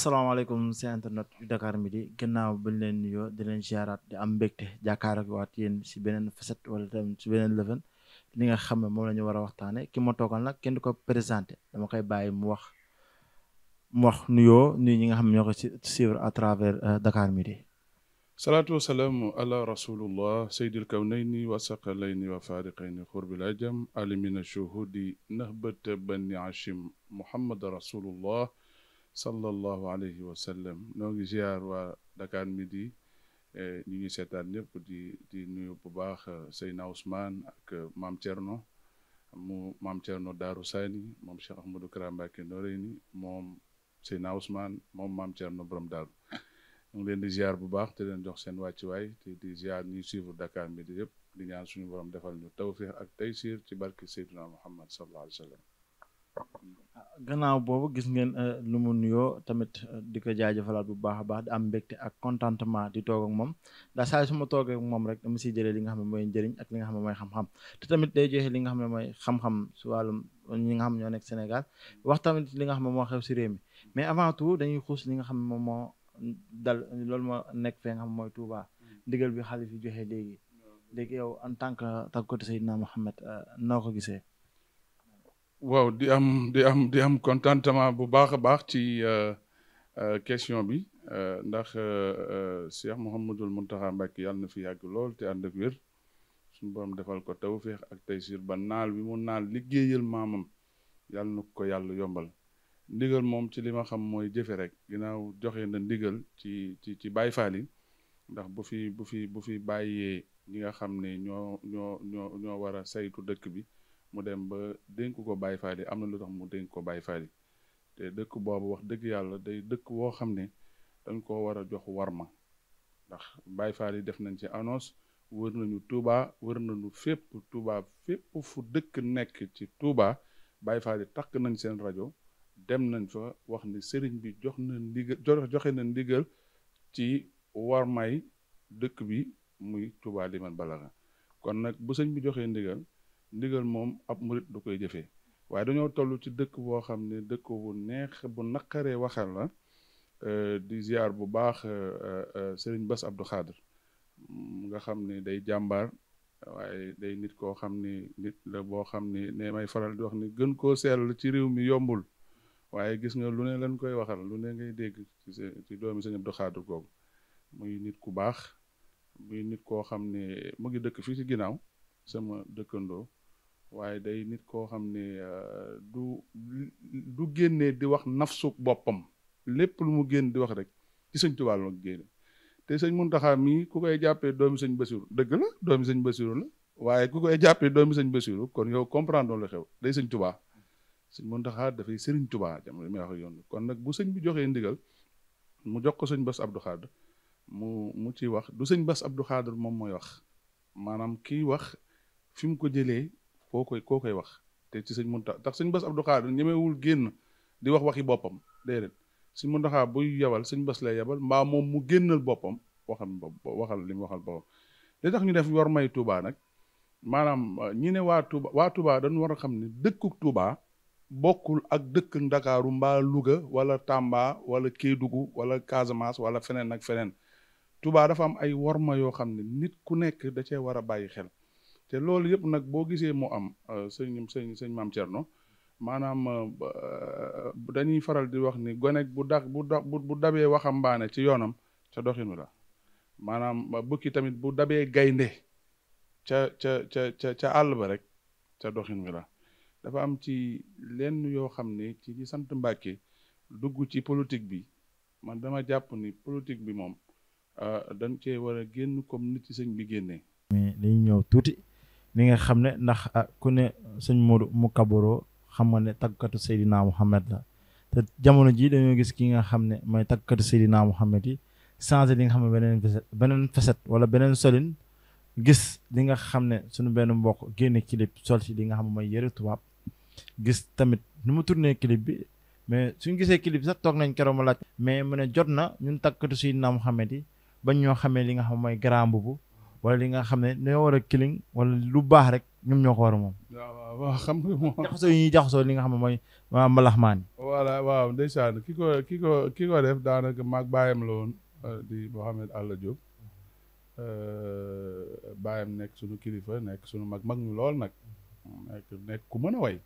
asalaamaaleykum si internet yu Dakar Midi gannaaw bañ leen nuyoo di leen ziaraat di am mbégte jàkkaar ak waat yéen si beneen facette wala tam si beneen lëfën li nga xam ne moom la ñu war a waxtaanee ki ma toogal nag kenn du ko présenté dama koy bàyyi mu wax mu wax nuyoo nuyu ñi nga xam ne ñoo ko si suivre à travers euh, Dakar Midi. salaatu wa salaam ala rasulullah sayyidil kawnayni wa saqalayni wa faariqayni xurbil ajam alimina shuhudi nahbat bani hashim muhammad rasulullah sallallahu alayhi wa sallam noo ngi ziar waa Dakar Midi eh, ñu ngi seetaan ñëpp di di nuyu bu baax eh, Seyna Ousmane ak eh, maam Thierno mu maam Thierno Darou Sani moom Cheikh Ahmadou Kara Mbacké Noreyni moom Seyna Ousmane moom maam Thierno borom Darou ñu ngi leen di ziar bu baax te leen jox seen wàccuwaay te di ziar ñuy suivre Dakar Midi yëpp di ñaan suñu borom defal ñu tawfiq ak taysir ci barke Seydina Muhammad sallallahu alayhi wa sallam gannaaw boobu gis ngeen euh, lu mu nuyoo tamit euh, di ko jaajëfalaat bu baax a baax di am mbégte ak contentement di toog moom ndax saa su ma toogee moom rek dama siy jëlee li nga xam ne mooy njëriñ ak li nga xam ne mooy xam-xam te tamit day joxe li nga xam ne mooy xam-xam su wàllum ñi nga xam ñoo nekk Sénégal wax tamit li nga xam ne moo xew si réew mi mais avant tout dañuy xuus li nga xam ne moom moo dal loolu moo nekk fee nga xam mooy tuuba ndigal bi xalif yi joxe léegi mm. léegi yow en tant que tàggatu Seydina Mohamed euh, noo ko gisee waaw di am di am di am contentement bu baax a baax ci euh, euh, question bi euh, ndax Cheikh Mouhamadul Mountakha Mbacké yàlla na fi yàgg lool te ànd ak wér suñu borom defal ko tawféex ak tey taysiir ba naal bi mu naal liggéeyal maamam yàlla na ko yàlla yombal ndigal moom ci li ma xam mooy jëfe rek ginnaaw joxe na ndigal ci ci ci Baay Faal ndax bu fi bu fi bu fi bàyyee ñi nga xam ne ñoo ñoo ñoo ñoo war a saytu dëkk bi mu dem ba dénk ko Baye Fall yi am na lu tax mu dénk ko Baye Fall te dëkk boobu wax dëgg yàlla day dëkk woo xam ne dañ koo war a jox warma ndax Baye Fall def nañ ci annonce wër nañu Touba wër nañu fépp Touba fépp fu dëkk nekk ci Touba Baye Fall yi takk nañ seen rajo dem nañ fa wax ni sëriñ bi jox na ndigal joxe na ndigal ci warmay dëkk bi muy Touba Liman Balaga kon nag bu sëñ bi joxee ndigal ndigal moom ab murit du koy jëfee waaye dañoo toll ci dëkk boo xam ne dëkk bu neex bu naqaree waxal la euh, di ziar bu baax euh, euh, Serigne bas Abdou Khadr nga xam ne day jàmbaar waaye day nit koo xam ne nit la boo xam ne ne may faral di wax ni gën koo seetlu ci réew mi yombul waaye gis nga lu ne lañ koy waxal lu ne ngay dégg ci doomi Serigne Abdou Khadr googu muy nit ku baax muy nit koo xam ne mu ngi dëkk fii ci ginnaaw sama dëkkandoo waaye day nit koo xam ne euh, du du génne di wax nafsu boppam lépp lu mu génn di wax rek ci sëñ Tuubaa la génne te sëñ Muntaxa mii ku koy jàppee doomi sëñ Basiru dëgg la doomi sëñ Basiru la waaye ku koy jàppee doomi sëñ Basiru kon yow comprendre lu xew day sëñ Tuubaa sëñ Muntaxa dafay sëriñ Tuubaa jamono may yoon kon nag bu sëñ bi joxee ndigal mu jox ko sëñ Bass Abdou Khadre mu mu ciy wax du sëñ Bass Abdou Khadre moom mooy wax maanaam kiy wax fi ko jëlee koo koy koo koy wax te ci sëñ munta tax sëñ Bass Abdou Khadre ñemewul génn di wax waxi boppam déedéet sëñ Muntaxa buy yebal sëñ Bass lay yebal mbaa moom mu génnal boppam waxal waxal li mu waxal boppam li tax ñu def yor may Touba nag maanaam euh, ñi ne waa Touba waa Touba dañu war xam ne dëkkuk Touba bokkul ak dëkk Ndakaaru mba Louga wala tàmba wala Kédougou wala Casamance wala feneen ak feneen Touba dafa am ay worma yoo xam ne nit ku nekk da ce war a bàyyi xel te loolu yëpp nag boo gisee mu am euh, sëñ sëñ sëñ maam Thierno maanaam euh, euh, dañuy faral di wax ni gone bu dax bu da bu dabee waxambaane ci yoonam ca doxinu la maanaam bukki tamit bu dabee gaynde ca ca ca ca ca àll ba rek ca doxin wi la dafa am ci lenn yoo xam ne ci ñi sant Mbàkke dugg ci politique bi man dama jàpp ni politique bi moom dañ cee war a génn comme nit ci sëñ bi génnee mais ñëw tuuti li nga xam ne ndax ah, ku ne sëñ mu Moukabaro xam nga ne tàggkatu Seydina Mouhamed la te jamono ji dañoo gis ki nga xam ne mooy tàggkatu Seydina Mouhamed yi changé li nga xam ne beneen facette beneen wala beneen solin gis li nga xam ne suñu benn mbokk génne clip sol si li nga xam ne mooy yëre tubaab gis tamit nu mu tourné clip bi mais suñ gisee clip sax toog nañ keroog ma laaj mais mu ne jot na ñun tàggkatu Seydina Mouhamed yi bañ ñoo xamee li nga xam mooy grand mbubu wala li nga xam ne dañoo war a kiling wala lu baax rek ñoom ñoo ko war a moom. waaw waaw yi ñuy jaxasoo li nga xam ne mooy mbalaxmaan. voilà waaw ndeysaan ki ko ki ko ki ko def daanaka maag baayam la woon euh, di Mouhamed Alla Diop euh, baayam nekk suñu kilifa nekk suñu mag mag ñu lool nag nekk nekk ku mën a way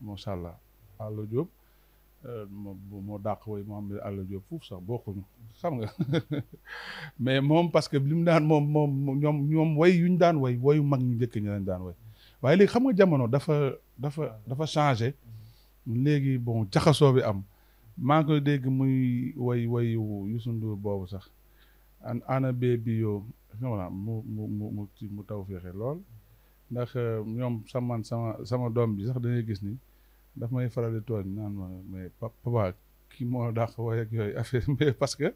macha allah Alla moom euh, moo dàq woy Mouhamed Alla Diop foofu sax bokkuñu xam nga mais moom parce que li mu daan moom moom ñoom ñoom woy yu ñu daan woy woyu mag ñu njëkk ñu lañ daan way waaye léegi xam nga jamono dafa dafa dafa changé léegi bon jaxasoo bi am maa ngi dégg muy woy woyu Youssou boobu sax an ana bee bi yoo mu mu mu mu taw féexe lool ndax euh, ñoom sama sama sama doom bi sax dañuy gis nii daf may faral di tooñ naan ma mais papa ki moo dàq woy yooyu affaire mais parce que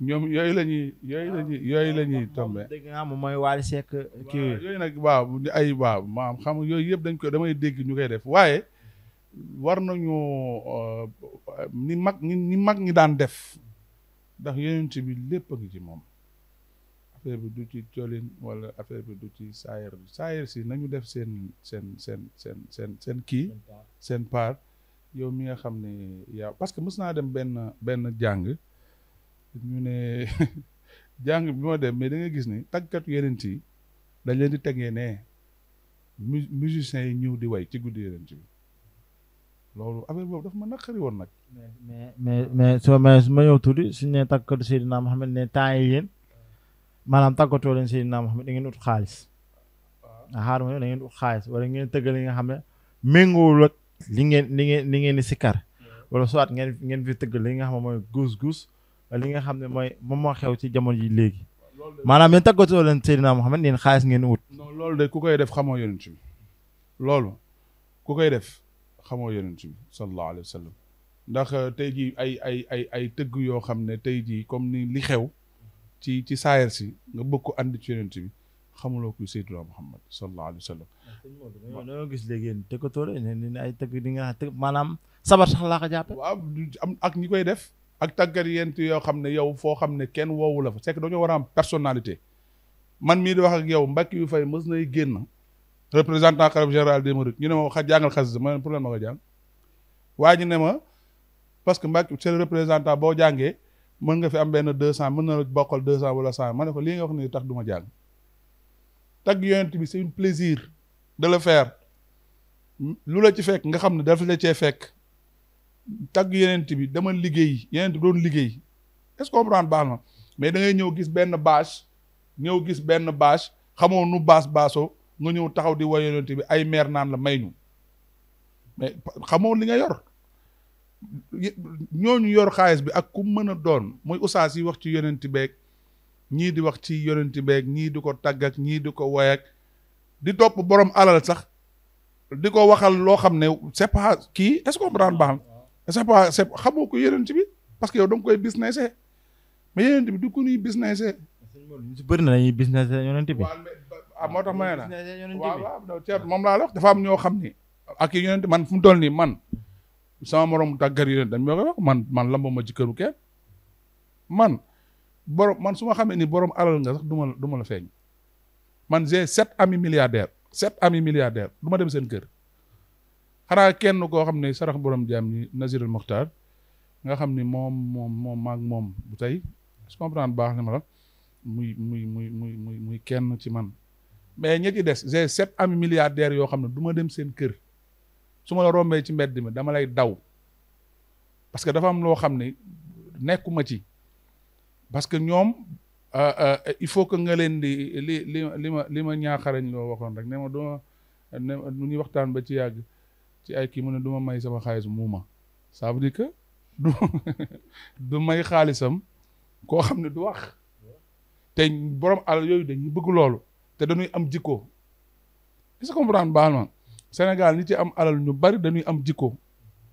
ñoom yooyu la ñuy yooyu la ah, yooyu la ñuy tombe dégg naa moom mooy Waly uh, kii yooyu nag waaw ay waaw maam xam yooyu yëpp dañ koy damay dégg ñu koy def waaye war nañu uh, ni mag ni mag ñi daan def ndax yonent bi lépp ak yi ci moom affaire bi du ci colin wala affaire bi du ci saayir bi saayir si nañu def seen seen seen seen seen seen kii seen part yow mi nga xam ne yaa parce que mës naa dem benn benn jàng ñu ne jàng bi ma dem mais da nga gis ni tàggkatu yenent yi dañ leen di tegee ne mu musiciens yi ñëw di way ci guddi yenent bi loolu affaire boobu dafa ma naqari woon nag mais mais mais soo ma ma ñëw tuddi suñu ne tàggkatu Seydina Muhammad ne temps yi yéen maanaam tàggatoo leen Seydina Muhammad da ngeen ut xaalis nga xaar ma ne da ngeen xaalis wala ngeen tëggal li nga xam ne méngoowul ak li ngeen li ngeen li ngeen di sikkar wala soit ngeen ngeen fi tëggal li nga xam ne mooy guus-guus li nga xam ne mooy moom moo xew ci jamono ji léegi maanaam yéen taggatoo leen Seydina Muhammad yéen xaalis ngeen wut non loolu de ku koy def xamoo yonent bi loolu ku koy def xamoo yonent bi sallallahu alayhi wa sallam ndax tey jii ay ay ay ay tëgg yoo xam ne tey jii comme ni li xew ci ci saayar si nga bëgg ko ànd ci yonent bi xamuloo kuy Seydina na sallallahu alayhi wa sallam. gis léegi yéen tëkkatoore ne ay tëgg di nga maanaam sabar sax laa ko jàppe am ak ñi koy def ak tàggat yent yoo xam ne yow foo xam ne kenn woowu la fa c'est que dañoo war am personnalité man mii di wax ak yow mbakki yu fay mës nay génn représentant xalif général des mourides ñu ne ma xa jàngal xasida ma ne problème ma ko waa waaye ñu ne ma parce que mbakki c'est le représentant boo jàngee mën nga fi am benn deux cent mën na la bokkal deux cent wala cent ma ne ko lii nga wax ne tax du ma jàng tagg yonent bi c'est un plaisir de le faire lu la ci fekk nga xam ne daf la cee fekk tag yonent bi dama liggéey yonent bi doon liggéey est-ce que baax na mais da ngay ñëw gis benn bâche ñëw gis benn bâche xamoo nu baas baaso nga ñëw taxaw di woy yonent bi ay meer naan la may ñu mais xamoo li nga yor ñoo ñu yor xaalis bi ak ku mën a doon muy usaas yi wax ci yonenti beeg ñii di wax ci yonenti beeg ñii di ko tàgg ñii di ko woyak di topp borom alal sax di ko waxal loo xam ne c'est pas kii est-ce que comprendre baax na c'est pas ko yonenti bi parce que yow da nga koy businessé mais yonenti bi du ko nuy businessé ñu si bëri na dañuy business yonent bi ah moo tax la waaw moom laa la wax dafa am ñoo xam ni ak yonent man fu mu toll nii man sama morom tàggat yi dañ ma koy wax man man lamba ma jëkkëru kenn man borom man su ma xamee ni borom alal nga sax duma la du feeñ man j'ai sept ami milliardaires sept amis milliardaires duma dem seen kër xanaa kenn koo xam ne sarax borom jaam ni Nazir al nga xam ni moom moom moom moom bu tey je comprendre baax na muy muy muy muy muy muy kenn ci man mais ñi ci des j'ai sept amis milliardaires yoo xam ne duma dem seen kër. su ma la rombee ci mbedd mi dama lay daw parce que dafa am loo xam ne nekkuma ci parce que ñoom euh, euh, il faut que nga leen di li li li ma li ma ñaaxarañ loo waxoon rek ne ma duma ne mu ñuy waxtaan ba ci yàgg ci ay kii mu ne du ma may sama xaalis muuma ça di dire du may xaalisam koo xam ne du wax te borom alal yooyu dañuy bëgg loolu te dañuy am jikko est-ce que baal ma Sénégal ñi ci am alal ñu bari dañuy am jikko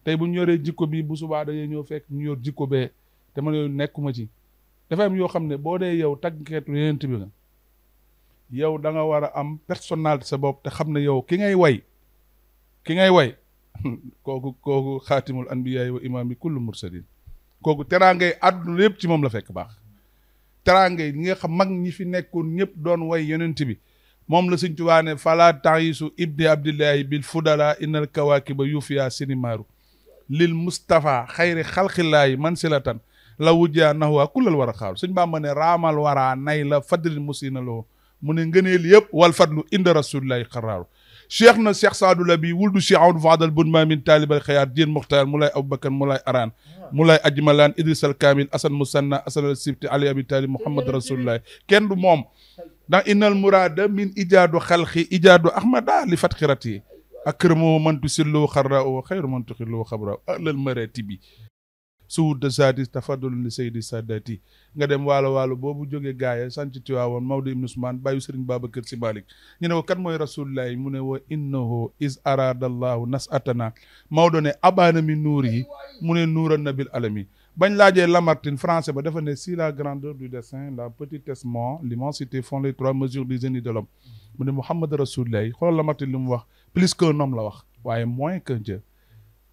tey bu ñu yoree jikko bi bu subaa da ngay ñëw fekk ñu yor jikko be te man yooyu nekkuma ci dafa am yoo xam ne boo dee yow tàggeetu yeneen bi nga yow da nga war a am personnalité sa bopp te xam ne yow ki ngay way ki ngay way kooku kooku xaatimul anbiyaay wa imaam yi kullu mursalin kooku teraangay àdduna yëpp ci moom la fekk baax teraangay ñi nga xam mag ñi fi nekkoon ñëpp doon way yonent tibi moom la sëñ Tuubaa ne fala taisu ibdi abdillahi bil fudala innal kawakiba yufiya sinimaaru lil mustafa xayri xalqillaahi mansilatan la wujja nahwa kullal war a xaaru sëñ Bàmba ne raamal waraa nay la fadrin musina loo mu ne ngëneel yëpp wal fadlu inda rasulillahi xaraaru cheikh na cheikh saadu la bi wuldu cheikh awdu faadal bun maamin taalibal xayaar diin muxtaar mulay aboubacar mulay araan mulay ajmalaan idris al kaamil asan musanna asan al sibti ali abi taalib muhammad rasulillahi kenn du moom ndax innal muraada min ijaadu xalqi ijaadu ahmada li fatxirati akramu man tusillu xarra o xayru man tuxillu xabra alal maratibi suwudda saati tafadul li saydi sadati nga dem waalo waalo boobu jóge gaaya sanc tiwaawoon Maodo ibn Ousmane bàyyu sëriñ Babacar Si Malik ñu ne ko kan mooy rasulullah mu ne wa innahu is arada allahu nas atana Maodo ne abaana mi nuur yi mu ne nuuran alami bañ laajee Lamartine français ba dafa ne si la grandeur du dessein la petitessement l'immensité font les trois mesures du génie de l'homme mu Muhammad Rasulullah xoolal Lamartine li mu wax plus qu'un homme la wax waaye moins qu'un Dieu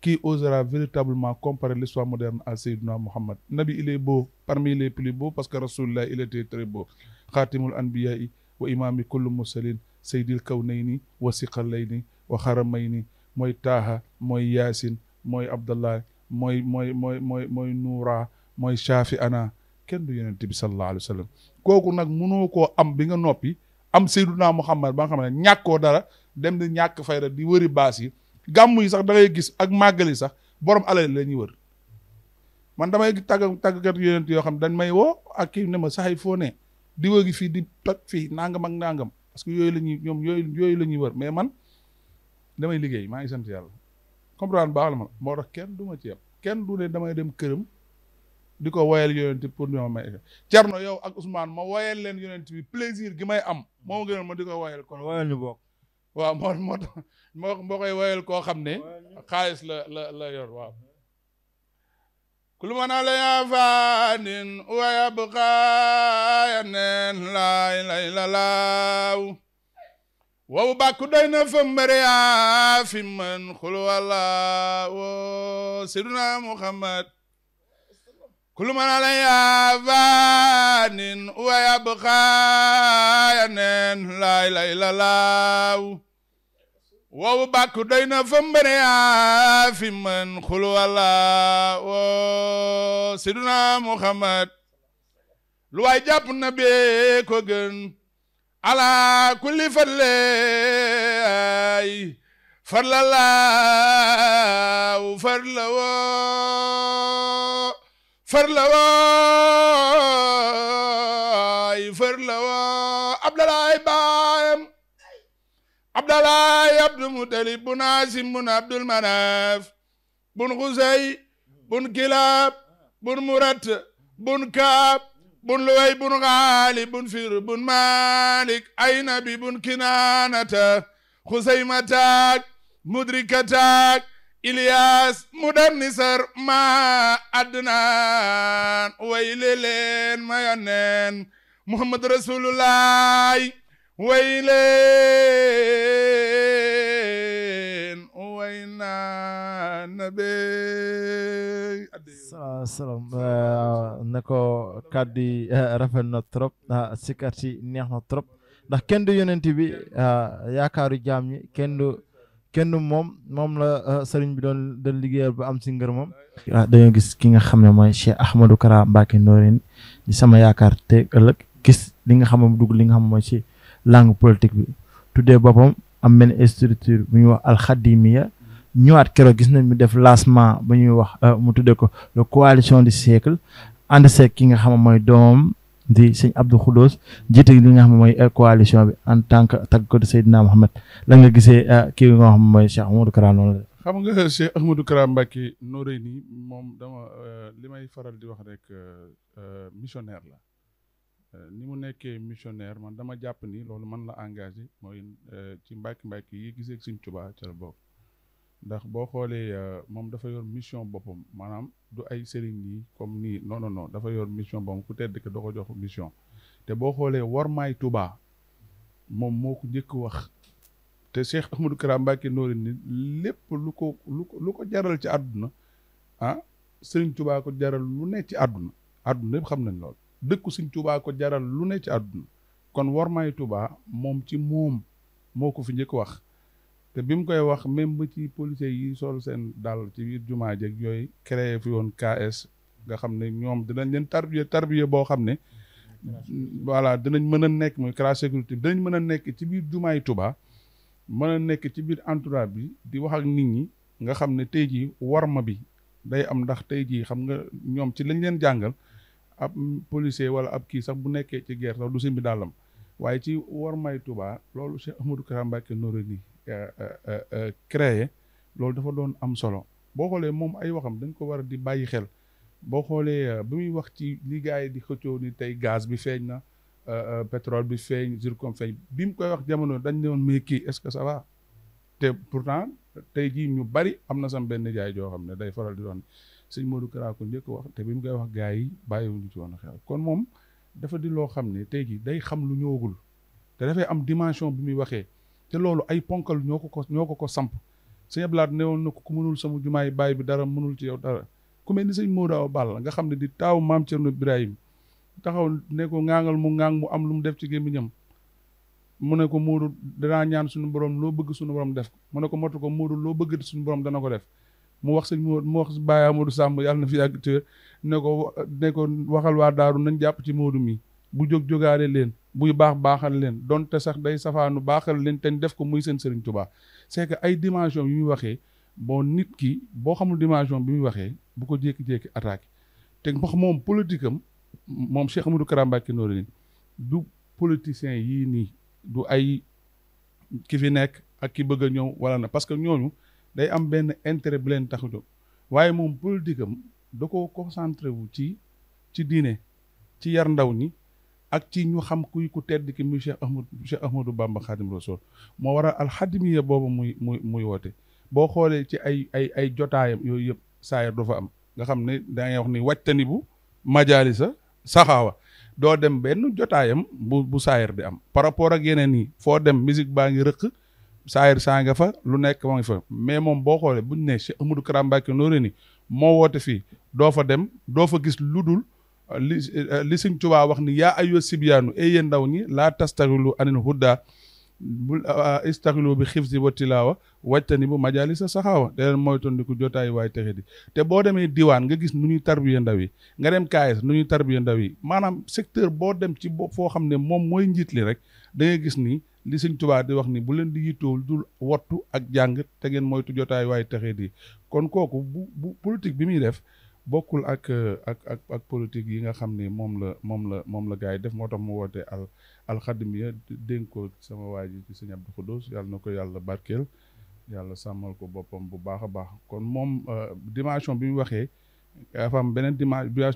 qui osera véritablement comparer l'histoire moderne à Seydina Muhammad nabi il est beau parmi les plus beaux parce que Rasulullah il était très beau xaatimul anbiyaa'i wa imaami kullu mursalin saydil kawnayni wa wa xaramayni mooy taaha mooy yaasin mooy mooy mooy mooy mooy nuuraa mooy shaafi ana kenn du yonent bi sallallahu alayhi wa kooku nag mënoo koo am bi nga noppi am Seydunaa Muhammad ba nga xam ne ñàkkoo dara dem di ñàkk fayda di wari baas yi gàmm yi sax da gis ak màggal yi sax borom alal la ñuy wër man damay tàgg tàggkat yonent yoo xam dañ may woo ak kii ne ma sax foo ne di wëgi fii di toj fii nangam ak nangam parce que yooyu la ñuy ñoom yooyu yooyu la ñuy wër mais man damay liggéey maa ngi sant yàlla comprendre baax la ma moo kenn du ma ci kenn du ne damay dem këram di ko woyal yonent pour ñu ma may Cerno yow ak Ousmane ma woyal leen yonent bi plaisir gi may am moom gënoon ma di ko woyal kon woyal ñu koo xam ne xaalis la la la yor waaw kulu ma naa la yaa faanin wa yabqaa yaneen laa ilaaha illa llaah wow bàkku doy na fa mbëre fi man xul walla woo siduna muhammad kul man alaya vanin wa yabqa ya neen laa ilaaha illallaah wow bàkku doy na fa mbëre fi man xul walla woo siduna muhammad lu waay jàpp na bee gën ala kulli farlay farlalaaw farlawoo farlawaay farlawoo abdalaay baayam abdalaay abdu mutalib bun asim bun abdul manaaf bun xusay bun kilaab bun murat bun kaab bun luway bun xaalib bun fir bun malik aynabi bun kinaanata xusaymataak mudrikataak ilyas mudannisar ma adnaan way leleen maya muhammad rasulullah way leen way salaam eh, ne ko kàddu yi eh, rafet na trop ah, sikar si neex na trop ndax kenn du yonent bi ah, yaakaaru jaam ñi kenn du kenn moom moom la eh, sëriñ bi doon da liggéeyal ba am si ngër moom waaw ah, dañoo gis ki nga xam ne mooy Cheikh Ahmadou Kara Mbacké Noreyni di sama yaakaar te ëllëg gis li nga xam moom dugg li nga xam mooy si langue politique bi tuddee boppam am benn structure bu ñuy wax alxadimiya ñëwaat keroog gis nañ mu def lancement ba ñuy wax euh, mu tuddee ko le coalition du siècle ànd seeg ki nga xam mooy doomam di sëñ Abdou Khoudous jiite li nga xam mooy euh, coalition bi en tant que tàggatu Seydina Mohamed la nga gisee euh, kii nga xam mooy Cheikh Ahmadou Kara noonu la. xam nga Cheikh Ahmadou Kara Mbacké nooree nii moom dama li may faral di wax rek missionaire la. ni mu nekkee missionnaire man dama jàpp ni loolu man la engagé mooy ci mbàkki mbàkki yi gisee ak Sëñ Tuubaa bokk ndax boo xoolee euh, moom dafa yor mission boppam maanaam du ay sëriñ yi comme nii non non dafa yor mission boppam ku tedd ki doo ko jox mission te boo xoolee wormaay Touba moom moo ko njëkk wax te Cheikh Ahmadou Kara Mbacké noori ni lépp lu ko lu ko lu ko jaral ci àdduna ah sëriñ Touba ko jaral lu nekk ci àdduna àdduna yëpp xam nañ lool dëkku sëriñ Touba jaral lu ne ci àdduna kon wormaay Touba moom ci moom moo ko fi njëkk wax te bi mu koy wax même ba ci policiers yi sol seen dàll ci biir jumaa jeeg yooyu créé fi woon KS nga xam ne ñoom dinañ leen tarbiye tarbiye boo xam ne voilà dinañ mën a nekk muy classe sécurité mën a nekk ci biir jumaay Tuubaa mën a nekk ci biir entourage bi di wax ak nit ñi nga xam ne tey jii warma bi day am ndax tey jii xam nga ñoom ci lañ leen jàngal ab policier wala ab kii sax bu nekkee ci guerre sax du simbi dàllam waaye ci warmay tubaa loolu Cheikh Ahmadou Kara Mbacké Noreyni Eh, eh, eh, créer loolu dafa doon am solo boo xoolee moom ay waxam dañ ko war a di bàyyi xel boo xoolee bi muy wax ci li gars yi di xëccoo ni tey gaz bi feeñ na petrole bi feeñ zircon feeñ bi mu koy wax jamono dañ ne woon mais kii est-ce que ça te pour pourtant tey jii ñu bari am na sam benn jaay joo xam ne day faral di doon sëñ Modou Kara ko njëkk wax te bi mu koy wax gars yi bàyyiwuñu ci woon xel kon moom dafa di loo xam ne tey jii day xam lu ñëwagul te dafay am dimension bi muy waxee te loolu ay ponkal ñoo ko ko ñoo ko ko samp sëñ Abdoulaye newoon na ko ku mënul sama jumaay baay bi dara mënul ci yow dara ku mel ni sëñ Modou Awa Balla nga xam ne di taaw maam Thierno Ibrahim taxaw ne ko ŋaangal mu ŋaang mu am lu mu def ci gémmiñam mu ne ko Modou danaa ñaan suñu borom loo bëgg suñu borom def mu ne ko motu ko Modou loo bëgg suñu borom dana ko def mu wax sëñ Modou mu wax Baye Amadou Samb yàlla na fi yàgg te ne ko ne ko waxal waa daaru nañ jàpp ci Modou mi bu jóg jógaale leen buy baax baaxal leen donte sax day safaanu baaxal leen te def ko muy seen Serigne Touba c'est que ay dimension yu waxee bon nit ki boo xamul dimension bi muy waxee bu ko jékki-jékki attaque te wax moom politique am moom Cheikh Amadou Kara du politicien yii nii du ay ki fi nekk ak ki bëgg a ñëw wala na parce que ñooñu day am benn intérêt bi leen tax a waaye moom politique am da ko concentré wu ci ci diine ci yar ndaw ñi ak ci ñu xam kuy ku tedd ki muy Cheikh Ahmad Cheikh Ahmadou Bamba Khadim Rasoul moo waral alxadimiya boobu muy muy muy woote boo xoolee ci ay ay ay jotaayam yooyu yëpp saayar du fa am nga xam ne da ngay wax ni wàjtani bu majaalisa saxaawa doo dem benn jotaayam bu bu saayar di am par rapport ak yeneen yi foo dem musique baa ngi rëq saayar saa nga fa lu nekk ma ngi fa mais moom boo xoolee buñ ne Cheikh Ahmadou Kara Mbacké Noreyni moo woote fii doo fa dem doo fa gis lu dul li eh, li Sëñ Tuubaa wax ni yaa ayyuha sibyaanu e yéen ndaw ñi laa tastaxilu anil huda bul istaxilu bi xifsi wa tilaawa wajtani bu majaali sa saxaawa te leen moytandiku jotaay waay texe di te boo demee diwaan nga gis nu ñuy tarbiya ndaw yi nga dem kaayes nu ñuy tarbiya ndaw yi maanaam secteur boo dem ci foo xam ne moom mooy njiit li rek dangay gis ni li sëñ di wax ni bu leen di yittoowul dul wottu ak jàng te ngeen moytu jotaay waay texe di kon kooku bu bu politique bi muy def bokkul ak euh, ak ak ak politique yi nga xam ni moom la moom la moom la gars yi def moo tax mu wootee al alxadimiya dénk ko sama waa ji ci sëñ Abdou Khoudous yàlla na ko yàlla barkeel yàlla sàmmal ko boppam bu baax a baax kon moom euh, dimension bi mu waxee dafa am beneen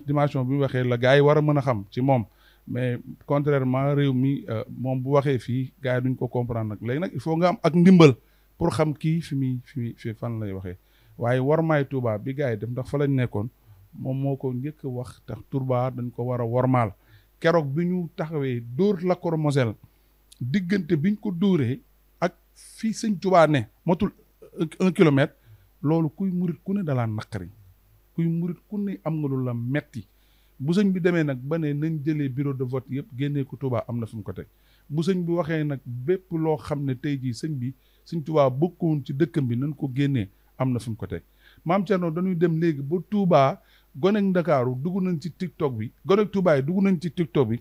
dimension bi mu waxee la gars yi war a mën a xam ci moom mais contrairement réew mi euh, moom bu waxee fii gars yi duñ ko comprendre nag léegi nag il faut nga am ak ndimbal pour xam kii fi muy fi muy fi fan lay waxee waaye war maay Tuubaa bi gars yi def ndax fa lañ nekkoon moom moo ko njëkk wax tax Touba dañ ko war a wormaal keroog bi ñu taxawee dóor Lac-Roselle diggante biñ ko dóoree ak fii sëñ Touba ne matul un kilomètre loolu kuy murit ku ne dalaa naqari kuy murit ku ne am nga lu la bu sëñ bi demee nag ba ne nañ jëlee bureau de vote yëpp génnee ko Touba am na fu mu ko teg bu sëñ bi waxee nag bépp loo xam ne tey jii sëñ bi sëñ Touba bokkoon ci dëkkam bi nañ ko génnee am na fu mu ko teg maam Thierno dañuy dem léegi ba Touba gonek ndakaaru dugg nañ ci tiktok bi gonek Touba yi dugg nañ ci tiktok bi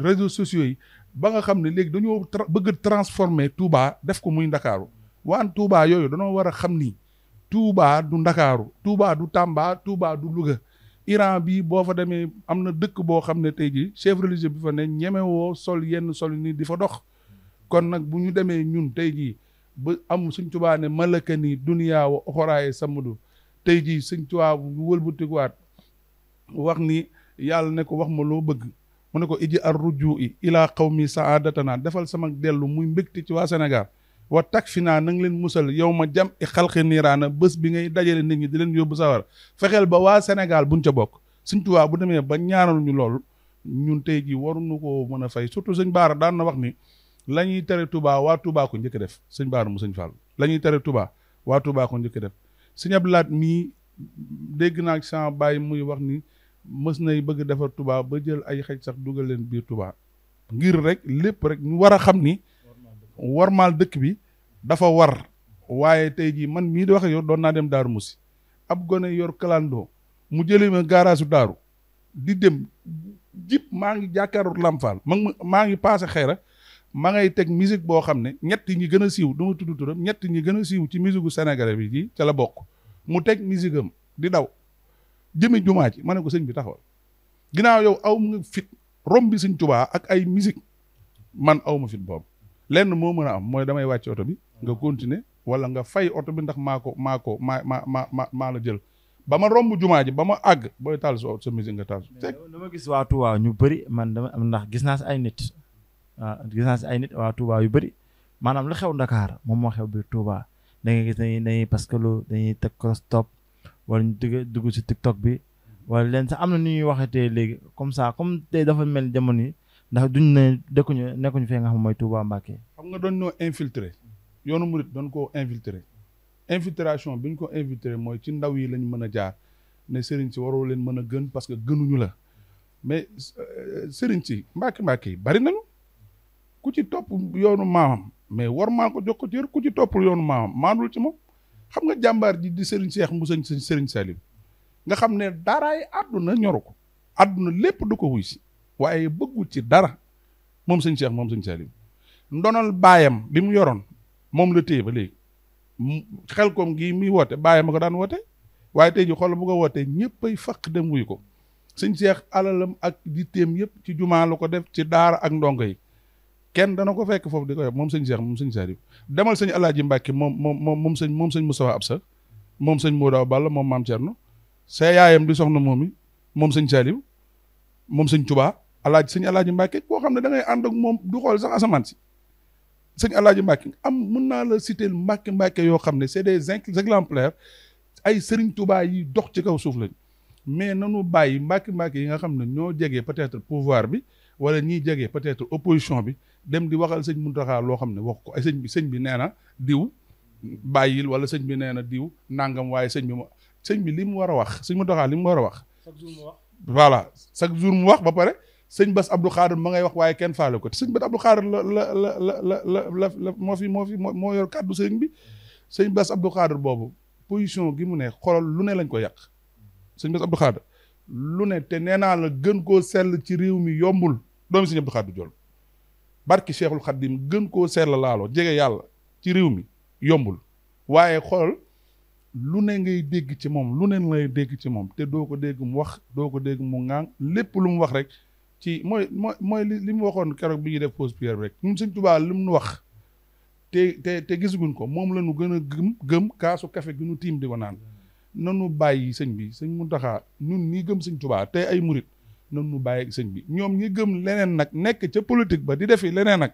réseaux sociaux yi ba nga xam ne léegi dañoo bëgg transformer Touba def ko muy ndakaaru waan Touba yooyu dañoo war a xam ni Touba du ndakaaru tuubaa du Tamba Touba du Louga Iran bi boo fa demee am na dëkk boo xam ne tey jii chef religieux bi fa ne ñemewoo sol yenn sol ni di fa dox kon nag bu ñu demee ñun tey jii ba am suñ Touba ne malaka ni duniyaa wa oxoraaye samudu tey jii sëñ Tuubaa bu wëlbatikuwaat wax ni yàlla ne ko wax ma loo bëgg mu ne ko iji ar rujuu i ilaa qawmi naa defal sama dellu muy mbégte ci waa senegal wa tag fi naa na leen musal yow ma jam i xalqi niiraana bés bi ngay dajale nit ñi di leen yóbbu sawar fexeel ba waa senegal buñ ca bokk sëñ Tuubaa bu demee ba ñaanal ñu loolu ñun tey jii waruñu ko mën a fay surtout sëñ Baara daan na wax ni la ñuy tere tubaa waa Touba ko njëkk def sëñ Baara mu sëñ Fall la ñuy tere Touba waa Touba ko njëkk def sëñ Abdou Lahat mii dégg naa sama baay muy wax ni mës nay bëgg defar tubaa ba jël ay xaj sax dugal leen biir Touba ngir rek lépp rek mu war a xam ni war warmaal dëkk bi dafa war waaye tey jii man mii di wax yor doon naa dem Daaru Musi ab gone yor kalandoo mu jëlee ma gaaraasu daaru di dem jip maa ngi jàkkaaru Lamp maa ngi paase xeera ma ngay teg musique boo xam ne ñett ñi gën a siiw du ma tudd turam ñett ñi gën a siiw ci musique gu Sénégal bi ji ca la bokk mu teg musique am di daw jëmi jumaa ji ma ne ko sëñ bi taxawal ginnaaw yow aw nga fit rom bi sëñ Tubaa ak ay musique man aw ma fit boobu lenn moo mën a am mooy damay wàcc oto bi nga continuer wala nga fay oto bi ndax maa ko maa ko maa maa maa ma maa la jël ba ma romb jumaa ji ba ma àgg booy taal sa sa musique nga taal. teg dama gis waa Touba ñu bëri man dama am ndax gis naa si ay nit. Ah, gis naa ay nit waa Touba yu bëri maanaam lu xew ndakaar moom moo xew biir Touba da ngay gis dañuy dañuy parce que lu dañuy teg cross-top wala ñu dugg dugg si TikTok bi wala leen am na nu ñuy tee léegi comme ça comme tey dafa mel jamono yi ndax duñ ne dëkkuñu nekkuñu fee nga xam mooy Touba Mbacké. xam nga doon noo infiltrer yoonu murit doon koo infiltrer infiltration bi ñu ko infiltrer mooy ci ndaw yi lañ mën a jaar ne sëriñ si waroo leen mën a gën parce que gënuñu la mais euh, sëriñ ci Mbacké Mbacké yi bari nañu. ku ci topp yoonu maamam mais war maa ko jox ko cër ku ci toppul yoonu maamam maanul ci moom xam nga jàmbaar ji di Serigne Cheikh mu sëñ Serigne Salim nga xam ne daraay àdduna ñoru ko àdduna lépp du ko wuy si waaye bëggul ci dara moom sëñ Cheikh moom sëñ Salim ndonol baayam bi mu yoroon moom la téye ba léegi xel koom gii muy woote baayam a ko daan woote waaye tey ji xool bu ko wootee ñëppay faq dem wuy ko sëñ Cheikh alalam ak jitteem yëpp ci jumaa la ko def ci daara ak ndongo yi kenn dana ko fekk foofu di ko yab moom sëñ Cheikh moom sëñ Sadio demal sëñ Alaaji Mbàkke moom moom moom moom sëñ moom sëñ Moustapha Absa moom sëñ Modou Balla moom maam Thierno sa yaayam di soxna moomi moom sëñ Saliou moom sëñ Touba Alaaji sëñ Alaaji Mbàkke koo xam ne da ngay ànd ak moom du xool sax asamaan si sëñ Alaaji Mbàkke am mun naa la citer Mbàkke Mbàkke yoo xam ne c'est des exemplaires ay Serigne Touba yi dox ci kaw suuf lañ mais nanu bàyyi Mbàkke Mbàkke yi nga xam ne ñoo jege peut-être pouvoir bi wala ñiy jege peut-être opposition bi dem di waxal sëñ Muntaxa loo xam ne wax ko ay sëñ bi sëñ bi neena diw bàyyil wala sëñ bi nee na diw nangam waaye sëñ bi ma sëñ bi li mu war a wax sëñ Muntaxa li mu war a wax. chaque jour mu wax. voilà jour mu wax ba pare sëñ Bass Abdou Khadre ma ngay wax waaye kenn faale ko te sëñ Bass Abdou Khadre la la la la la moo fi moo fi moo yor kàddu sëñ bi sëñ Bass Abdou Khadre boobu position gi mu ne xoolal lu ne lañ ko yàq sëñ Bass Abdou Khadre lu ne te nee naa la gën koo sell ci réew mi yombul doomi sëñ Abdou Khadre Diol barki Cheikhul Khadim gën koo seetla laaloo jege yàlla ci réew mi yombul waaye xool lu ne ngay dégg ci moom lu ne ngay dégg ci moom te doo ko dégg mu wax doo ko dégg mu ŋaang lépp lu mu wax rek ci mooy mooy mooy li mu waxoon keroog bi ñuy def rek ñun Sëñ Tuubaa lu mu wax te te te gisaguñ ko moom la ñu gën a gëm gëm kaasu kafe gunu ñu tiim di ko naan nanu bàyyi sëñ bi sëñ Muntaxa ñun ñii gëm Sëñ Tuubaa te ay murit nan mu bàyyi sëñ bi ñoom ñi gëm leneen nag nekk ca politique ba di defi leneen nag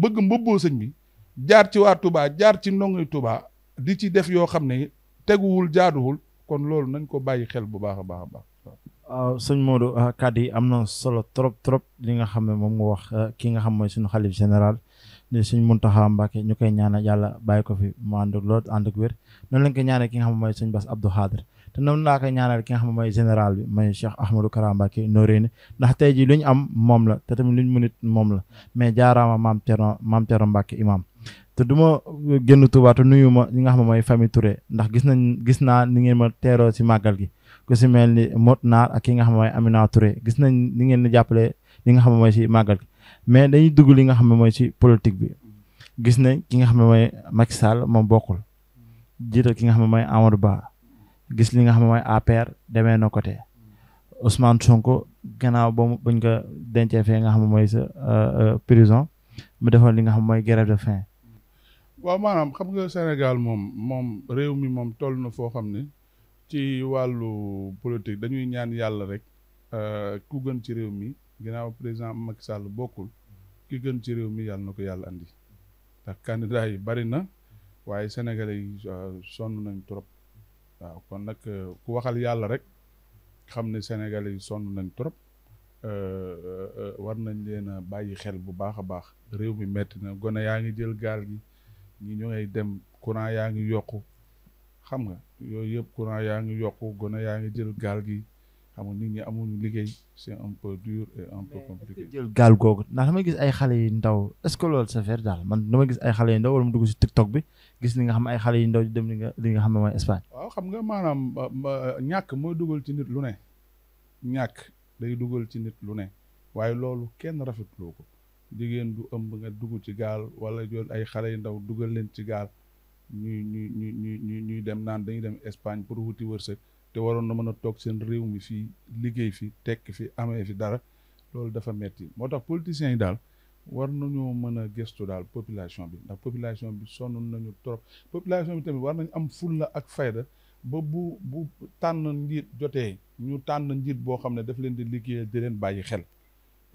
bëgg mbobboo sëñ bi jaar ci waa tubaa jaar ci ndongoy tubaa di ci def yoo xam ne teguwul jaaduwul kon loolu nañ ko bàyyi xel bu baax a baax a baax. waaw sëñ Modou ah, kàddu yi am na solo trop trop li nga xam ne moom nga wax ah, ki nga xam mooy suñu xalif général di sëñ Mountakha Mbacké ñu koy ñaanal yàlla bàyyi ko fi mu lool ànd ak wér noonu lañ koy ñaanal ki nga xam mooy sëñ Bass Abdou Khadre te noonu laa koy ñaanal ki nga xam mooy général bi mooy Cheikh Ahmadou Kara Mbacké Noreyni ndax tey jii lu am moom la te tamit lu ñu mënit moom la mais jaaraama maam Thierno maam Thierno Mbacké te du ma génn Tuuba nuyu ma ñi nga xam mooy famille Touré ndax gis nañ gis naa ni ngeen ma teeroo si màggal gi ku si mel ni Mot Naar ak ki nga xam ne mooy Amina Touré gis nañ ni ngeen di jàppale li xam ne mooy si màggal gi mais dañuy dugg li nga xam ne mooy si politique bi gis nañ ki nga xam ne mooy Macky moom bokkul jiital ki nga xam ne mooy Amadou gis li nga xam ne mooy APR demee na côté Ousmane Sonko gannaaw ba mu ko dencee fee nga xam ne mooy sa euh, euh, prison mu defoon li nga xam mooy grève de faim. waaw maanaam xam nga Sénégal moom moom réew mi moom toll na foo xam ne ci wàllu politique dañuy ñaan yàlla rek euh, ku gën ci réew mi ginnaaw président mag sàll bokkul ki gën ci réew mi yàlla na ko yàlla andi ndax candidat bari na waaye sénégalais yi sonn nañ trop. waaw kon nag euh, ku waxal yàlla rek xam ne sénégalais yi sonn nañ trop euh, euh, war nañ leen a bàyyi xel bu baax a baax réew mi metti na gone yaa ngi jël gaal gi ñi ñu ngay dem courant yaa ngi yokku xam nga yooyu yëpp courant yaa ngi yokk gone yaa ngi jël gaal gi xam nga nit ñi amuñu liggéey c'est un peu dur et un peu compliqué. jël gaal googu ndax dama gis ay xale yu ndaw est-ce que sa faire daal man dama gis ay xale yu ndaw wala mu dugg si TikTok bi gis ni nga xam ay xale yu ndaw dem li nga li nga xam ne mooy Espagne. waaw xam nga maanaam ñàkk mooy dugal ci nit lu ne ñàkk day dugal ci nit lu ne waaye loolu kenn rafetloo ko jigéen du ëmb nga dugg ci gaal wala jël ay xale yu ndaw dugal leen ci gaal ñuy ñuy ñuy ñuy ñuy dem naan dañuy dem Espagne pour wuti wërsëg. te waroon na mën a toog seen réew mi fii liggéey fi tekk fi amee fi dara loolu dafa metti moo tax politiciens yi daal war na nañoo mën a gëstu daal population bi ndax population bi sonn nañu trop population bi tamit war nañu am fulla ak fayda ba bu bu tànn njiit jotee ñu tànn njiit boo xam ne daf leen di liggéeyal di leen bàyyi xel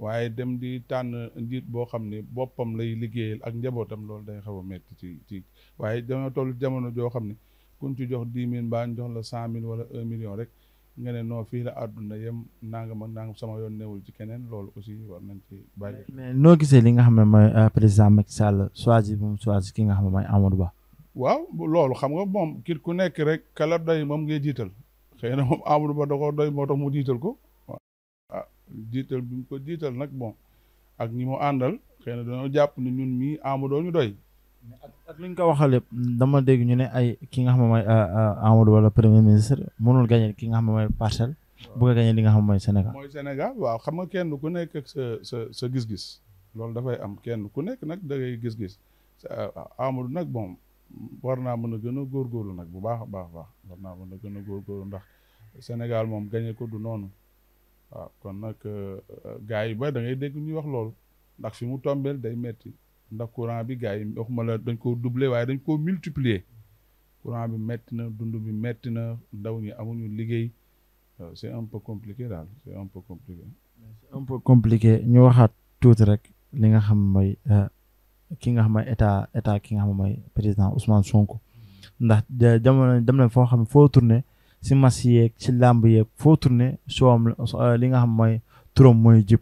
waaye dem di tànn njiit boo xam ne boppam lay liggéeyal ak njabootam loolu day xaw a metti ci waaye dañoo toll jamono joo xam ne kun ci jox dix mille mbaa ñu jox la cent mille wala un million rek nga ne non fii la àdduna yem nangam ak nangam sama yoon newul ci keneen loolu aussi war nañ ci bàyyi. mais noo gisee li nga xam ne mooy euh, président Macky Sall choisir bu mu choisir ki nga xam ne mooy Amadou Ba. waaw loolu xam nga moom kit ku nekk rek kala doy moom ngay jiital xëy na moom Amadou Ba da ko doy moo tax mu jiital ko. ah jiital bi ko jiital nag bon ak ñi mu àndal xëy na dañoo jàpp ne ñun mi Amadou ñu doy. ak li ñu ko waxal lépp dama dégg ñu ne ay ki nga xam ne mooy euh, euh, Amadou wala premier ministre mënul gagné ki nga xam ne mooy parcelle. bu ko gagné li nga xam ne mooy Sénégal. mooy Sénégal waaw xam nga kenn ku nekk ak sa sa gis-gis loolu dafay am kenn ku nekk nag da ngay gis-gis euh, Amadou nag bon war naa mën a gën a góorgóorlu nag bu baax a baax baax war naa mën a gën a góorgóorlu ndax Sénégal moom gagné ko du noonu waaw kon nag gars yi ba da dégg ñuy wax loolu ndax fi mu tombeel day metti ndax courant bi gars yi waxuma la dañ koo doubler waaye dañ koo multiplier courant bi metti na dund bi metti na ndaw ñi amuñu liggéey waaw c'est un peu compliqué daal c'est un peu compliqué. ñu waxaat tuuti rek li nga xam mooy euh, ki nga xam mooy état état ki nga xam mooy président Ousmane Sonko ndax jamono dem na foo xam foo tourné si mas yeeg si làmb yeeg foo tourné soo am euh, li nga xam mooy turam mooy jib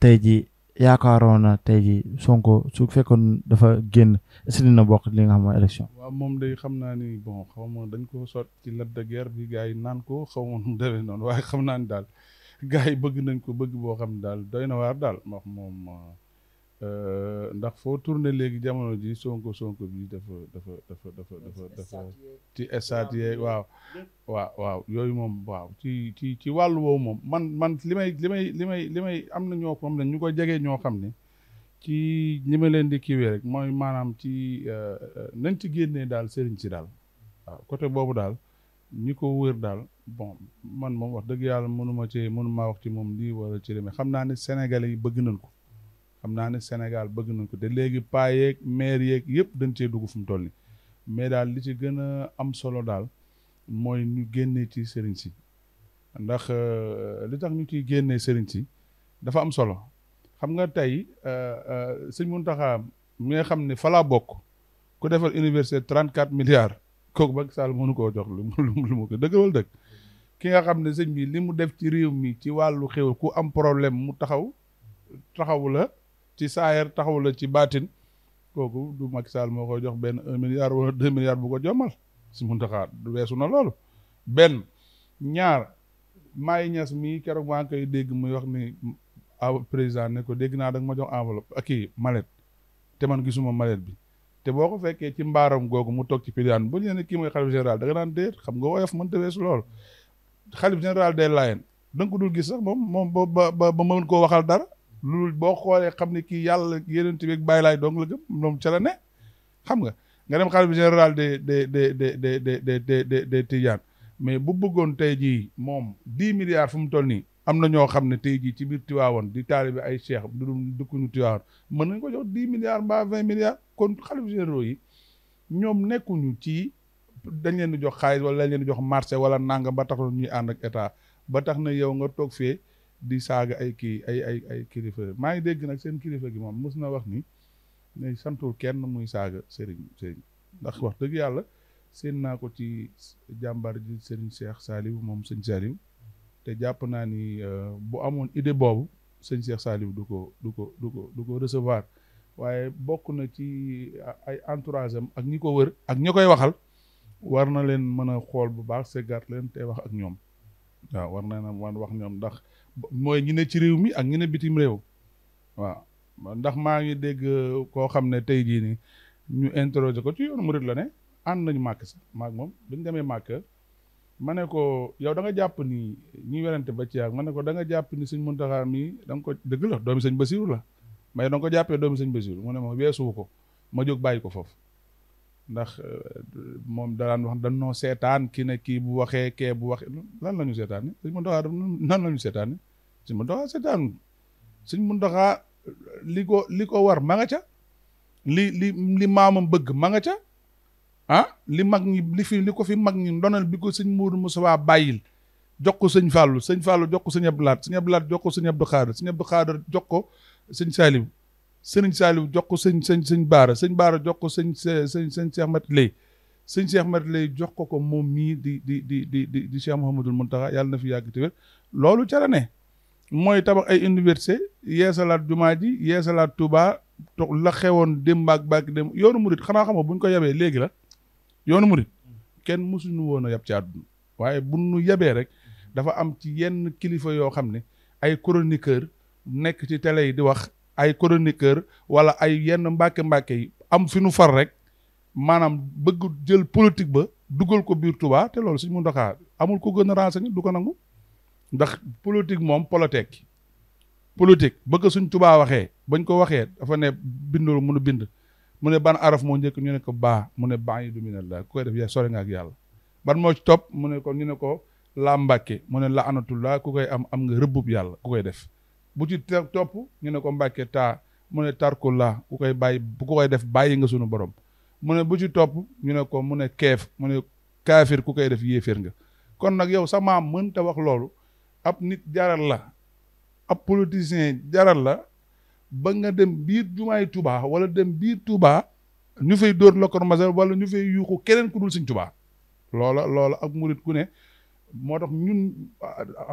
tey yaakaaroon na tey jii Sonko su fekkoon dafa génn si dina bokk li nga xam ne élection. waaw moom day xam naa ni bon xaw ma dañ ko sot ci ladde guerre bi gars yi naan ko xaw ma nu mu demee noonu waaye xam naa ni daal gars yi bëgg nañ ko bëgg boo xam ne daal doy na waar daal wax moom. Euh, ndax foo tourné léegi jamono ji sonko sonko bi dafa dafa dafa dafa dafa dafa ci estaat yeeg waaw waaw waaw yooyu moom waaw ci ci ci wàllu woowu moom man man li may li may li may am na ñoo xam ne ñu ko jegee ñoo xam ne ci ñi leen di kiiwee rek mooy maanaam ci euh, euh, nañ ci génnee daal sëriñ si daal waaw côté boobu daal ñi ko wër daal bon man moom wax dëgg yàlla mënuma ci mënuma wax ci moom lii wala ci demee xam naa ne sénégalais yi bëgg nañ ko xam naa ne Sénégal bëgg nañ ko de léegi paa yeeg maire yeeg yëpp dañ cee dugg fu mu toll nii mais daal li ci gën a am solo daal mooy ñu génnee ci sëriñ si ndax euh, li tax ñu ciy génnee sëriñ si dafa am solo xam nga tey euh, euh, sëñ Mountakha mi nga xam ne falaa bokk ku defal université trente quatre milliards kooku Macky Sall mënu koo jox lu mu lu mu ko dëgg wala dëgg ki nga xam ne sëñ bi li mu def ci réew mi ci wàllu xew ku am problème mu taxaw taxaw la ci saayar taxaw la ci baatin kooku du Macky Sall moo koy jox benn un milliard wala deux milliards bu ko jommal si muntaxaa du weesu na loolu benn ñaar maay ñas mii keroog maa koy dégg mu wax ni aw président ne ko dégg naa da ma jox enveloppe ak kii mallette te man gisuma mallette bi te boo ko fekkee ci mbaaram googu mu toog ci pilian bu ñu ne kii mooy xalif général da nga naan déet xam nga oyof mënta weesu loolu xalif général day laayeen da nga ko dul gis sax moom moom ba ba ba mën koo waxal dara loolu boo xoolee xam ne kii yàlla yeneen bi ak laay dong la gëm moom ca la ne xam nga nga dem xalifa général de de de de de de de de de Tidiane mais bu bëggoon tey jii moom dix milliards fu mu toll nii am na ñoo xam ne tey jii ci biir Tiwaawoon di taalibe ay cheikh du dëkkuñu Tiwaawoon mën nañ ko jox dix milliards mbaa vingt milliards kon xalifa généraux yi ñoom nekkuñu ci dañ leen di jox xaalis wala dañ leen di jox marché wala nangam ba tax ñuy ànd ak état ba tax na yow nga toog fee di saaga ay kii ay ay ay kilifa maa ngi dégg nag seen kilifa gi moom mës na wax ni ne santu kenn muy saaga Serigne Serigne ndax wax dëgg yàlla seen naa ko ci jàmbaar ji Serigne Cheikh Saliou moom sëñ Saliou te jàpp naa ni euh, bu amoon idée boobu sëñ Cheikh Saliou du ko du ko du ko du ko recevoir waaye bokk na ci ay entourage ak ñi ko wër ak ñi koy waxal war na leen mën a xool bu baax seggaat leen te wax ak ñoom waaw war na leen wax ñoom ndax. mooy ñi ne ci réew mi ak ñi ne bitim réew waaw ndax maa ngi dégg uh, koo xam ne tey jii nii ñu interroger ko ci yoonu murit la ne ànd nañu màkk sax maak moom bi ñu demee màkk ma ne ko yow da nga jàpp ni ñi werante ba ci ak ma ne ko da nga jàpp ni sëñ Muntaxa mi da nga ko dëgg la doomi sëñ Basiru la mais da nga ko jàppee doomi sëñ Basiru mu ne ma weesuwu ko ma jóg bàyyi ko foofu ndax euh, moom daan wax noo seetaan kii na kii bu waxee kee bu waxee lan la ñu seetaanee sëñ Mountakha nan la ñu seetaanee sëñ Mountakha seetaanul li ko li ko war ma nga ca li li li maamam bëgg ma nga ca ah li mag ñi li fi li ko fi mag ñi ndonal bi ko sëñ Mourou Moussa bàyyil jox ko sëñ Fallou sëñ Fallou jox ko sëñ Abdou Lahad sëñ Abdou Lahad jox ko sëñ Abdou Khader sëñ Abdou Khader jox ko sëñ Saliou sëriñ Saliou jox ko sëñ sëñ sëñ Baara sëñ Baara jox ko sëñ sëñ sëñ Cheikh Mati Lay sëñ Cheikh Mati Lay jox ko ko moom mii di di di di di di Cheikh Mouhamadul Mountakha yàlla na fi yàgg te loolu ca ne mooy tabax ay université yeesalaat jumaa ji yeesalaat tubaa to la xewoon démb ak démb yoonu murit xanaa xam buñ ko yabee léegi la yoonu murit kenn mësuñu woon a yab ci àdduna waaye bu ñu yabee rek dafa am ci yenn kilifa yoo xam ne ay chroniqueur nekk ci tele yi di wax ay chroniqueur wala ay yenn mbàkke-mbàkke yi am fi nu far rek maanaam bëgg jël politique ba dugal ko biir tubaa te lool loolu mu Muntaxa amul ko gën a du ko nangu ndax politique moom politique politique bëgg suñ tubaa waxee bañ ko waxee dafa ne bindul munu bind mu ne ban araf moo njëkk ñu ne ko baa mu ne ban yi du minal la ku koy def yaa sori nga yàlla ban moo ci topp mu ne ko ñu ne ko laa mbàkke mu ne la anatullah ku koy am am nga rëbbub yàlla ku koy def bu ci topp ñu ne ko Mbàkke taa mu ne tarkulla ku koy bàyyi bu ko def bàyyi nga sunu borom mu ne bu ci topp ñu ne ko mu ne keef mu ne kaafir ku koy def yéeféer nga kon nag yow sa maam mënta wax loolu ab nit jaral la ab politicien jaral la ba nga dem biir jumaay Tuubaa wala dem biir Tuubaa ñu fay dóor la kormasel wala ñu fay yuuxu keneen ku dul Sëñ Tuubaa loola loola ak murit ku ne moo tax ñun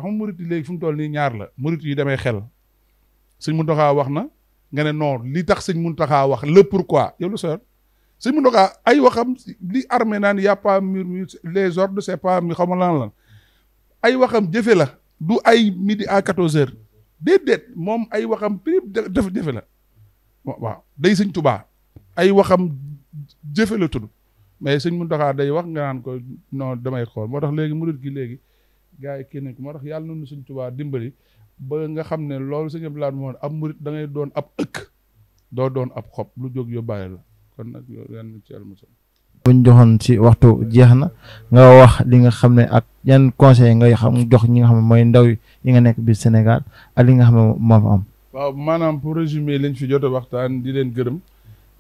xam murit yi léegi fu mu toll nii ñaar la murit yi demee xel sëñ Muntaxa wax na nga ne non li tax sëñ Muntaxa wax le pourquoi yow lu soor sëñ Muntaxa ay waxam li armé naan y a pas murmure les ordres c'est pas mi xaw ma lan la ay waxam jëfe la du ay midi à quatorze heures déedéet moom ay waxam prib def jëfe la waaw day sëñ Tubaa ay waxam jëfe la tudd mais mu Muntaxa day wax nga naan ko non damay xool moo tax léegi murit gi léegi gars yi kii nañ ko moo tax yàlla nañu sëñ Tuubaa dimbali ba nga xam ne loolu sëñ Abdou moo ab murit da doon ab ëkk doo doon ab xob lu jóg yóbbaale la kon nag yan ci almusal buñ joxoon si waxtu jeex na nga wax li nga xam ne ak yan conseil ngay xam jox ñi nga xam ne mooy ndaw yi nga nekk biir Sénégal ak li nga xam ne moo fa am waaw maanaam pour résumer liñ fi jot waxtaan di leen gërëm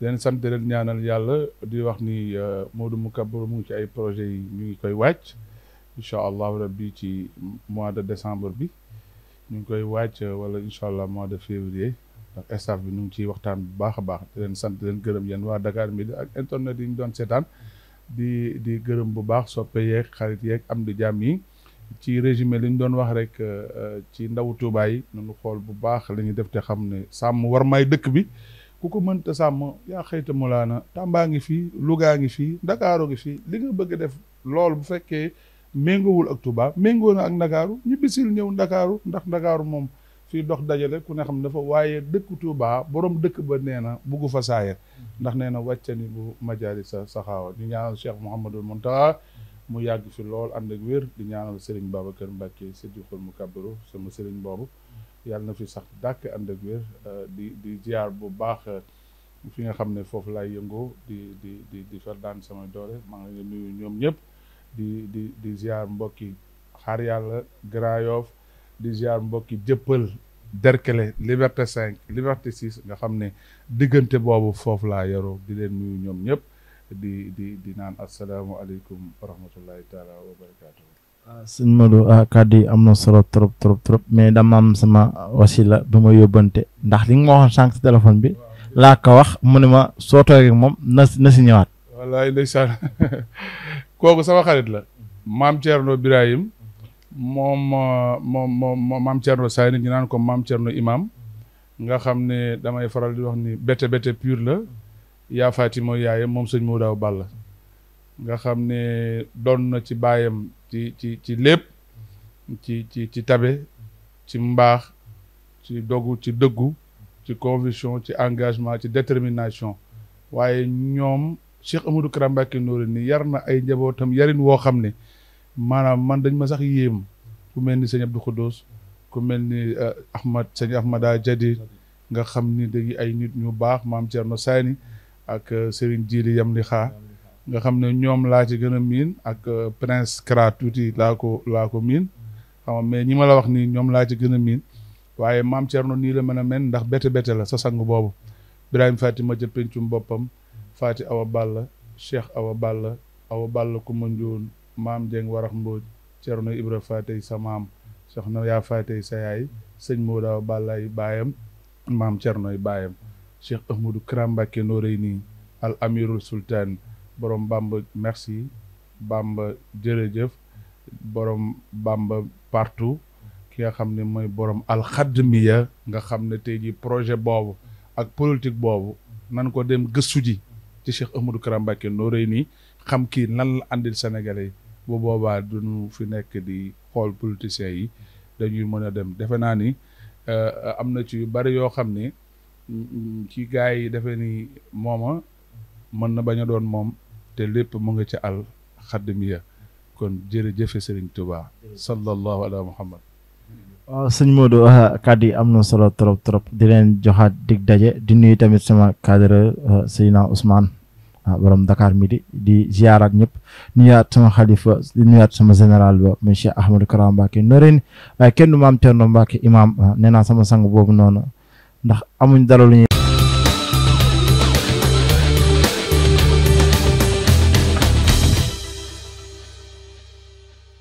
leen sant leen ñaanal yàlla di wax ni euh, Modou Moukabaro mu ngi ci ay projet yi ñu ngi koy wàcc incha allah rabbi ci mois de décembre bi ñu ngi koy wàcc euh, wala incha allah mois de février ndax staff bi ñu ngi ciy waxtaan bu baax a baax di leen sant di leen gërëm yéen waa Dakar Midi ak internet yi ñu doon seetaan di di gërëm bu baax soppe yeeg xarit yeeg am di jàmm yi ci résumé li ñu doon wax rek euh, ci ndaw tuubaay yi nañu xool bu baax la ñuy def te xam ne sàmm war may dëkk bi ku ko mënta sàmm yaa xëyta mulaana Tamba ngi fii Louga ngi fii Ndakaaru ngi fii li nga bëgg def lool bu fekkee méngoowul ak Touba méngoo na ak Ndakaaru ñu bisil ñëw Ndakaaru ndax Ndakaaru moom fii dox dajale ku ne xam dafa waaye dëkk Touba borom dëkk ba nee na bugg fa saaya ndax nee na ni bu majaali sa saxaawa di ñaanal Cheikh Mouhamadul Mountakha mu yàgg fi lool ànd ak wér di ñaanal Serigne Babacar Mbacke mu Moukabiru sama Serigne boobu yàlla na fi sax dàkk ànd ak wér euh, di di ziar bu baax euh, fi nga xam ne foofu laay yëngoo di di di di fa daan sama doole maa ngi nuyu ñoom ñëpp di di di ziar mbokki xaar yàlla Grand di ziar mbokki jëppal Derkele Liberté 5 Liberté 6 nga xam ne diggante boobu foofu laa yoroo di leen nuyu ñoom ñëpp di di di naan asalaamualeykum aleykum rahmatullahi taala wa barakaatu. sëñ Modou ah, kàddu yi am na solo trop trop trop mais dama am sama la bi ma yóbbante ndax li nga ma waxoon sànq si bi laa ko wax mu ne ma soo toogee moom na na si ñëwaat. kooku sama xarit la. maam Thierno Birahim moom moom moom maam Thierno saa nit ñi naan ko maam Thierno Imaam nga xam ne damay faral di wax ni bette bette pure la yaa Fatima yaaye moom sëñ Modou Awa Balla nga xam ne doon ci baayam. ci ci ci lépp ci ci ci tabe ci mbaax ci dogu ci dëggu ci conviction ci engagement ci détermination waaye ñoom Cheikh Amadou Kara Mbacké Noreyni yar na ay njabootam yarin woo xam ne maanaam man dañ ma sax yéem ku mel ni sëñ Abdou Khoudous ku mel ni eh, Ahmad sëñ Ahmada Jadi nga xam ni dañuy ay nit ñu baax maam na Sani ak eh, Serigne Djili Yamli Xaa nga xam ne ñoom laa ci gën a miin ak euh, prince Kra tuuti laa ko laa ko miin xam mais ñi ma la wax nii ñoom laa ci gën a miin waaye maam Thierno nii la mën a men ndax bette bete la sa sang boobu Birahim Fati ma jë pencum boppam Fati Awa la Cheikh Awa la Awa Balla ku ma njoon maam Dieng warax Mbodj Thierno Ibra Fatey sa maam soxna yaa Fatey sa yaay sëñ Modou Awa Balla yi baayam maam Thierno yi baayam Cheikh Ahmadou Kra Mbacké Noreyni al amirul sultaan borom Bamba merci Bamba jërëjëf borom Bamba partout ki nga xam ne mooy borom alxadmiya nga xam ne tey jii projet boobu ak politique boobu nan ko dem gëstu ji ci Cheikh Ahmadou Kara Mbacké nii xam kii nan la àndil Sénégalais yi bu boobaa duñu fi nekk di xool politiciens yi dañuy mën a dem defe naa ni euh, euh, am na ci yu bari yoo xam ne mm, mm, ci gars yi defe ni mooma mën na bañ a doon moom te lépp mu nga ca al xaddimiya kon jërëjëfe Serigne Touba sallallahu ala muhammad waaw sëñ Modou ah, kàddu yi am na solo trop trop di leen joxaat dig daje di nuyu tamit sama cadre ah, Seydina Ousmane ah, borom Dakar midi di ziaraat ñëpp nuyaat sama xalifa di nuyaat sama général ba monsieur Ahmadou Kara Mbacké noreen waaye kenn du maam imam nee naa sama sang boobu noonu ndax amuñ dara